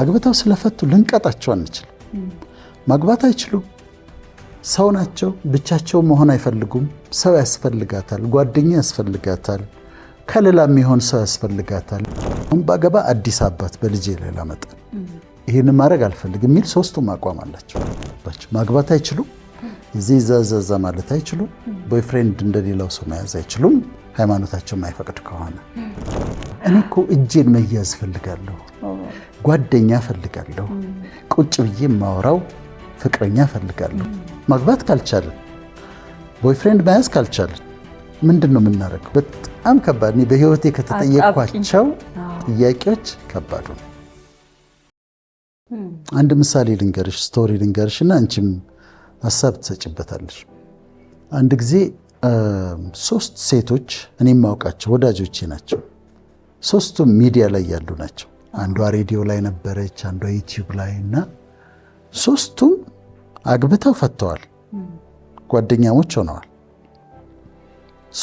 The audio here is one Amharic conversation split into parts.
አግብተው ስለፈቱ ልንቀጣቸው አንችል። ማግባት አይችሉም። ሰው ናቸው። ብቻቸው መሆን አይፈልጉም። ሰው ያስፈልጋታል፣ ጓደኛ ያስፈልጋታል፣ ከሌላ የሚሆን ሰው ያስፈልጋታል። አሁን ባገባ አዲስ አባት በልጄ ላይ ላመጣ ይህን ማድረግ አልፈልግም የሚል ሶስቱም አቋም አላቸው። ማግባት አይችሉም። እዚህ ዘዘዘ ማለት አይችሉም። ቦይፍሬንድ እንደሌላው ሰው መያዝ አይችሉም። ሃይማኖታቸው ማይፈቅድ ከሆነ እኔ እኮ እጄን መያዝ ፈልጋለሁ ጓደኛ ፈልጋለሁ፣ ቁጭ ብዬ የማወራው ፍቅረኛ ፈልጋለሁ። ማግባት ካልቻለን ቦይፍሬንድ መያዝ ካልቻለን ምንድን ነው የምናደርገው? በጣም ከባድ ነው። በህይወቴ ከተጠየቅኳቸው ጥያቄዎች ከባዱ ነው። አንድ ምሳሌ ልንገርሽ፣ ስቶሪ ልንገርሽ እና አንቺም ሀሳብ ትሰጭበታለሽ። አንድ ጊዜ ሶስት ሴቶች እኔ የማውቃቸው ወዳጆቼ ናቸው። ሶስቱም ሚዲያ ላይ ያሉ ናቸው። አንዷ ሬዲዮ ላይ ነበረች፣ አንዷ ዩቲዩብ ላይ እና ሶስቱም አግብተው ፈተዋል፣ ጓደኛሞች ሆነዋል።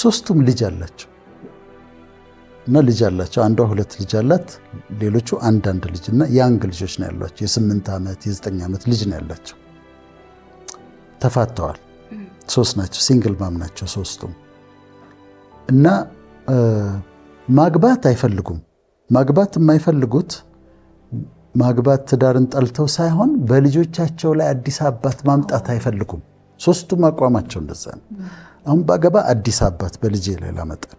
ሶስቱም ልጅ አላቸው እና ልጅ አላቸው። አንዷ ሁለት ልጅ አላት፣ ሌሎቹ አንድ ልጅ እና ያንግ ልጆች ነው ያሏቸው። የስምንት ዓመት የዘጠኝ ዓመት ልጅ ነው ያላቸው። ተፋተዋል። ሶስት ናቸው፣ ሲንግል ማም ናቸው ሶስቱም እና ማግባት አይፈልጉም ማግባት የማይፈልጉት ማግባት ትዳርን ጠልተው ሳይሆን በልጆቻቸው ላይ አዲስ አባት ማምጣት አይፈልጉም። ሶስቱም አቋማቸው እንደዛ ነው። አሁን ባገባ አዲስ አባት በልጄ ላይ ላመጣል፣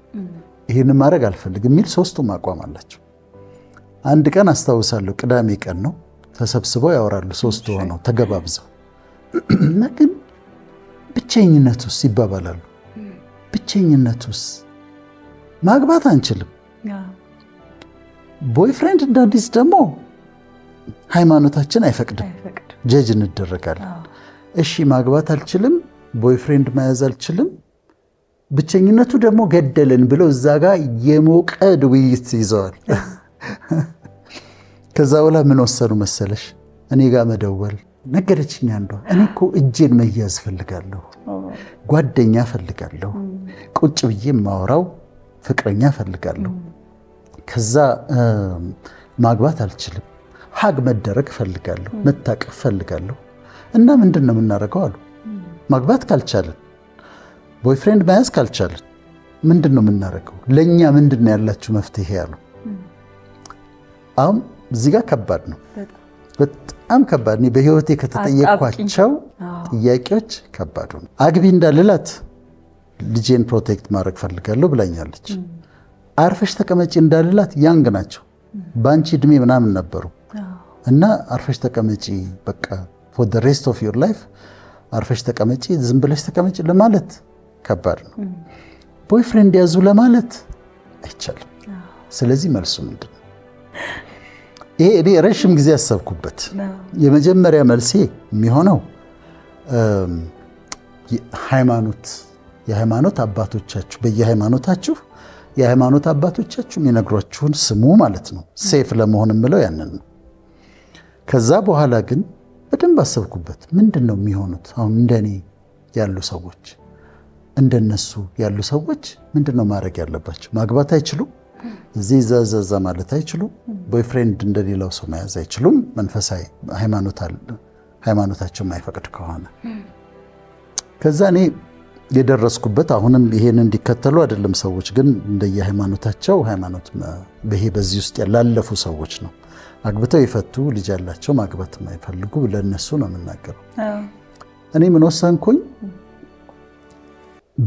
ይህን ማድረግ አልፈልግም የሚል ሶስቱም አቋም አላቸው። አንድ ቀን አስታውሳለሁ፣ ቅዳሜ ቀን ነው። ተሰብስበው ያወራሉ ሶስቱ ሆነው ተገባብዘው እና ግን ብቸኝነቱስ ይባባላሉ። ብቸኝነቱስ ማግባት አንችልም ቦይፍሬንድ እንደ አዲስ ደግሞ ሃይማኖታችን አይፈቅድም፣ ጀጅ እንደረጋለን። እሺ ማግባት አልችልም፣ ቦይፍሬንድ መያዝ አልችልም፣ ብቸኝነቱ ደግሞ ገደለን ብለው እዛ ጋ የሞቀድ ውይይት ይዘዋል። ከዛ በኋላ ምን ወሰኑ መሰለሽ? እኔ ጋር መደወል ነገረችኝ። አንዷ እኔ እኮ እጄን መያዝ ፈልጋለሁ፣ ጓደኛ ፈልጋለሁ፣ ቁጭ ብዬ ማወራው ፍቅረኛ ፈልጋለሁ ከዛ ማግባት አልችልም፣ ሀግ መደረግ እፈልጋለሁ፣ መታቀፍ እፈልጋለሁ እና ምንድን ነው የምናደርገው አሉ። ማግባት ካልቻለን ቦይፍሬንድ መያዝ ካልቻለን ምንድን ነው የምናደርገው? ለእኛ ምንድን ነው ያላችሁ መፍትሄ አሉ። አሁን እዚህ ጋር ከባድ ነው፣ በጣም ከባድ ነው። በህይወቴ ከተጠየቅኳቸው ጥያቄዎች ከባዱ ነው። አግቢ እንዳልላት ልጄን ፕሮቴክት ማድረግ ፈልጋለሁ ብላኛለች። አርፈሽ ተቀመጪ እንዳልላት ያንግ ናቸው በአንቺ እድሜ ምናምን ነበሩ እና አርፈሽ ተቀመጪ በቃ ፎር ዘ ሬስት ኦፍ ዮር ላይፍ አርፈሽ ተቀመጪ፣ ዝም ብለሽ ተቀመጪ ለማለት ከባድ ነው። ቦይፍሬንድ ያዙ ለማለት አይቻልም። ስለዚህ መልሱ ምንድን ነው? ይሄ እኔ ረዥም ጊዜ ያሰብኩበት የመጀመሪያ መልሴ የሚሆነው ሃይማኖት የሃይማኖት አባቶቻችሁ በየሃይማኖታችሁ የሃይማኖት አባቶቻችሁ የሚነግሯችሁን ስሙ ማለት ነው። ሴፍ ለመሆን የምለው ያንን ነው። ከዛ በኋላ ግን በደንብ አሰብኩበት። ምንድን ነው የሚሆኑት? አሁን እንደኔ ያሉ ሰዎች እንደነሱ ያሉ ሰዎች ምንድን ነው ማድረግ ያለባቸው? ማግባት አይችሉም። እዚህ ዛዛዛ ማለት አይችሉም። ቦይፍሬንድ እንደሌላው ሰው መያዝ አይችሉም። መንፈሳዊ ሃይማኖታቸው ማይፈቅድ ከሆነ ከዛ እኔ የደረስኩበት አሁንም ይሄን እንዲከተሉ አይደለም። ሰዎች ግን እንደየሃይማኖታቸው ሃይማኖት በሄ በዚህ ውስጥ ላለፉ ሰዎች ነው። አግብተው የፈቱ ልጅ ያላቸው ማግባት የማይፈልጉ ለነሱ ነው የምናገረው። እኔ ምን ወሰንኩኝ?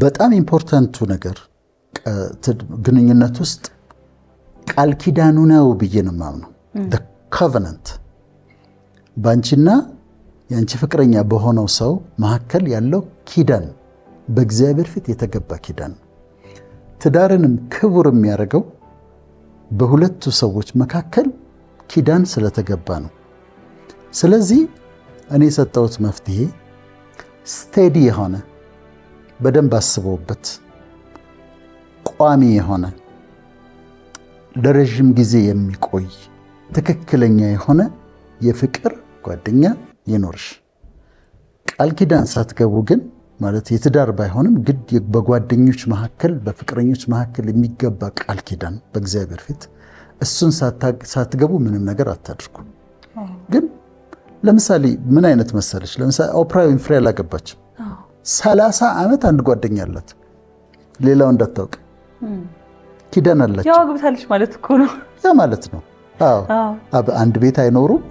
በጣም ኢምፖርታንቱ ነገር ግንኙነት ውስጥ ቃል ኪዳኑ ነው ብዬ ነው የማምነው። ኮቨነንት በአንቺና የአንቺ ፍቅረኛ በሆነው ሰው መካከል ያለው ኪዳን በእግዚአብሔር ፊት የተገባ ኪዳን። ትዳርንም ክቡር የሚያደርገው በሁለቱ ሰዎች መካከል ኪዳን ስለተገባ ነው። ስለዚህ እኔ የሰጠሁት መፍትሄ ስቴዲ የሆነ በደንብ አስበውበት፣ ቋሚ የሆነ ለረዥም ጊዜ የሚቆይ ትክክለኛ የሆነ የፍቅር ጓደኛ ይኖርሽ። ቃል ኪዳን ሳትገቡ ግን ማለት የትዳር ባይሆንም ግድ በጓደኞች መካከል በፍቅረኞች መካከል የሚገባ ቃል ኪዳን በእግዚአብሔር ፊት እሱን ሳትገቡ ምንም ነገር አታድርጉ። ግን ለምሳሌ ምን አይነት መሰለች? ለምሳሌ ኦፕራ አላገባችም። ሰላሳ ዓመት አንድ ጓደኛ አላት፣ ሌላው እንዳታውቅ ኪዳን አላቸው። ያው አግብታለች ማለት እኮ ነው። ያ ማለት ነው። አንድ ቤት አይኖሩም፣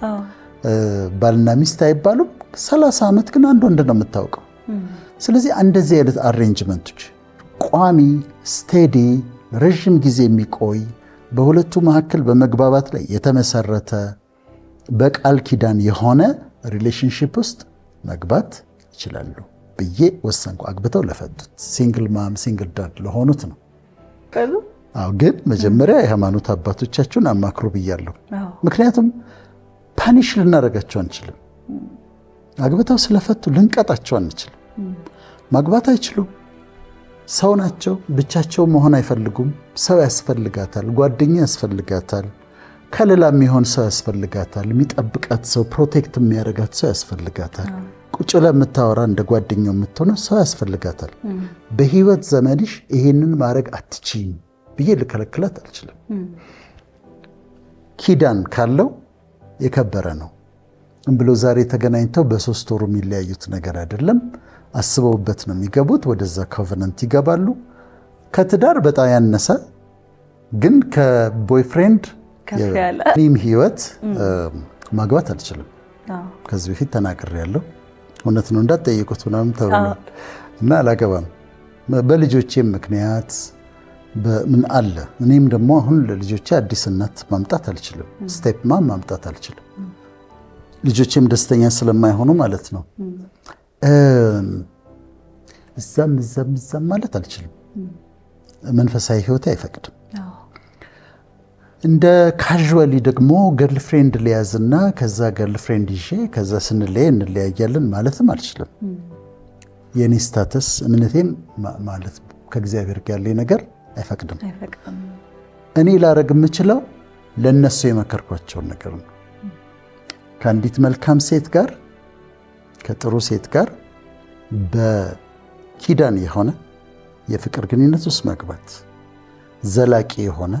ባልና ሚስት አይባሉም። ሰላሳ ዓመት ግን አንድ ወንድ ነው የምታውቀው ስለዚህ እንደዚህ አይነት አሬንጅመንቶች ቋሚ፣ ስቴዲ፣ ረዥም ጊዜ የሚቆይ በሁለቱ መካከል በመግባባት ላይ የተመሰረተ በቃል ኪዳን የሆነ ሪሌሽንሽፕ ውስጥ መግባት ይችላሉ ብዬ ወሰንኩ። አግብተው ለፈቱት ሲንግል ማም ሲንግል ዳድ ለሆኑት ነው። አዎ ግን መጀመሪያ የሃይማኖት አባቶቻችሁን አማክሩ ብያለሁ። ምክንያቱም ፓኒሽ ልናደርጋቸው አንችልም። አግብተው ስለፈቱ ልንቀጣቸው አንችልም። ማግባት አይችሉም። ሰው ናቸው። ብቻቸው መሆን አይፈልጉም። ሰው ያስፈልጋታል፣ ጓደኛ ያስፈልጋታል፣ ከሌላ የሚሆን ሰው ያስፈልጋታል፣ የሚጠብቃት ሰው፣ ፕሮቴክት የሚያደርጋት ሰው ያስፈልጋታል። ቁጭ ለምታወራ የምታወራ እንደ ጓደኛው የምትሆነው ሰው ያስፈልጋታል። በህይወት ዘመንሽ ይሄንን ማድረግ አትችይም ብዬ ልከለክላት አልችልም። ኪዳን ካለው የከበረ ነው ብሎ ዛሬ ተገናኝተው በሶስት ወሩ የሚለያዩት ነገር አይደለም። አስበውበት ነው የሚገቡት። ወደዛ ኮቨነንት ይገባሉ። ከትዳር በጣም ያነሰ ግን ከቦይፍሬንድ ም ህይወት ማግባት አልችልም። ከዚህ በፊት ያለው እውነት ነው እንዳትጠይቁት ምናምን ተብሏል እና አላገባም በልጆቼም ምክንያት ምን አለ። እኔም ደግሞ አሁን ለልጆቼ አዲስ እናት ማምጣት አልችልም፣ ስቴፕማ ማምጣት አልችልም። ልጆቼም ደስተኛ ስለማይሆኑ ማለት ነው እዛም እዛም እዛም ማለት አልችልም። መንፈሳዊ ህይወቴ አይፈቅድም። እንደ ካዥዋሊ ደግሞ ገርል ፍሬንድ ሊያዝና ከዛ ገርል ፍሬንድ ይዤ ከዛ ስንለያይ እንለያያለን ማለትም አልችልም። የእኔ ስታተስ እምነቴም ማለት ከእግዚአብሔር ጋር ያለኝ ነገር አይፈቅድም። እኔ ላረግ የምችለው ለእነሱ የመከርኳቸውን ነገር ነው። ከአንዲት መልካም ሴት ጋር ከጥሩ ሴት ጋር በኪዳን የሆነ የፍቅር ግንኙነት ውስጥ መግባት ዘላቂ የሆነ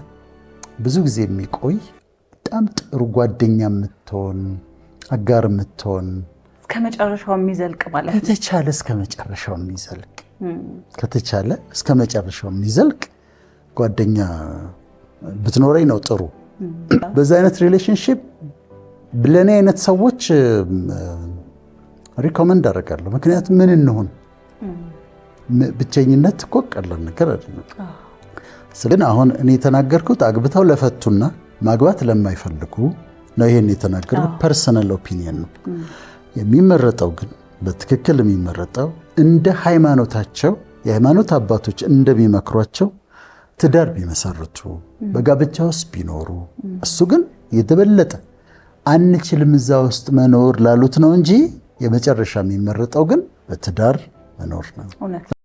ብዙ ጊዜ የሚቆይ በጣም ጥሩ ጓደኛ የምትሆን አጋር የምትሆን ከመጨረሻው የሚዘልቅ ማለት ነው። ከተቻለ እስከ መጨረሻው የሚዘልቅ ከተቻለ እስከ መጨረሻው የሚዘልቅ ጓደኛ ብትኖረኝ ነው ጥሩ። በዛ አይነት ሪሌሽንሽፕ ለእኔ አይነት ሰዎች ሪኮመንድ አደርጋለሁ። ምክንያቱ ምን እንሆን ብቸኝነት እኮ ቀላል ነገር አይደለም። ግን አሁን እኔ የተናገርኩት አግብተው ለፈቱና ማግባት ለማይፈልጉ ነው። ይሄን የተናገርኩት ፐርሰናል ኦፒኒየን ነው። የሚመረጠው ግን በትክክል የሚመረጠው እንደ ሃይማኖታቸው የሃይማኖት አባቶች እንደሚመክሯቸው ትዳር ቢመሰርቱ በጋብቻ ውስጥ ቢኖሩ፣ እሱ ግን የተበለጠ አንችልም እዛ ውስጥ መኖር ላሉት ነው እንጂ የመጨረሻ የሚመረጠው ግን በትዳር መኖር ነው።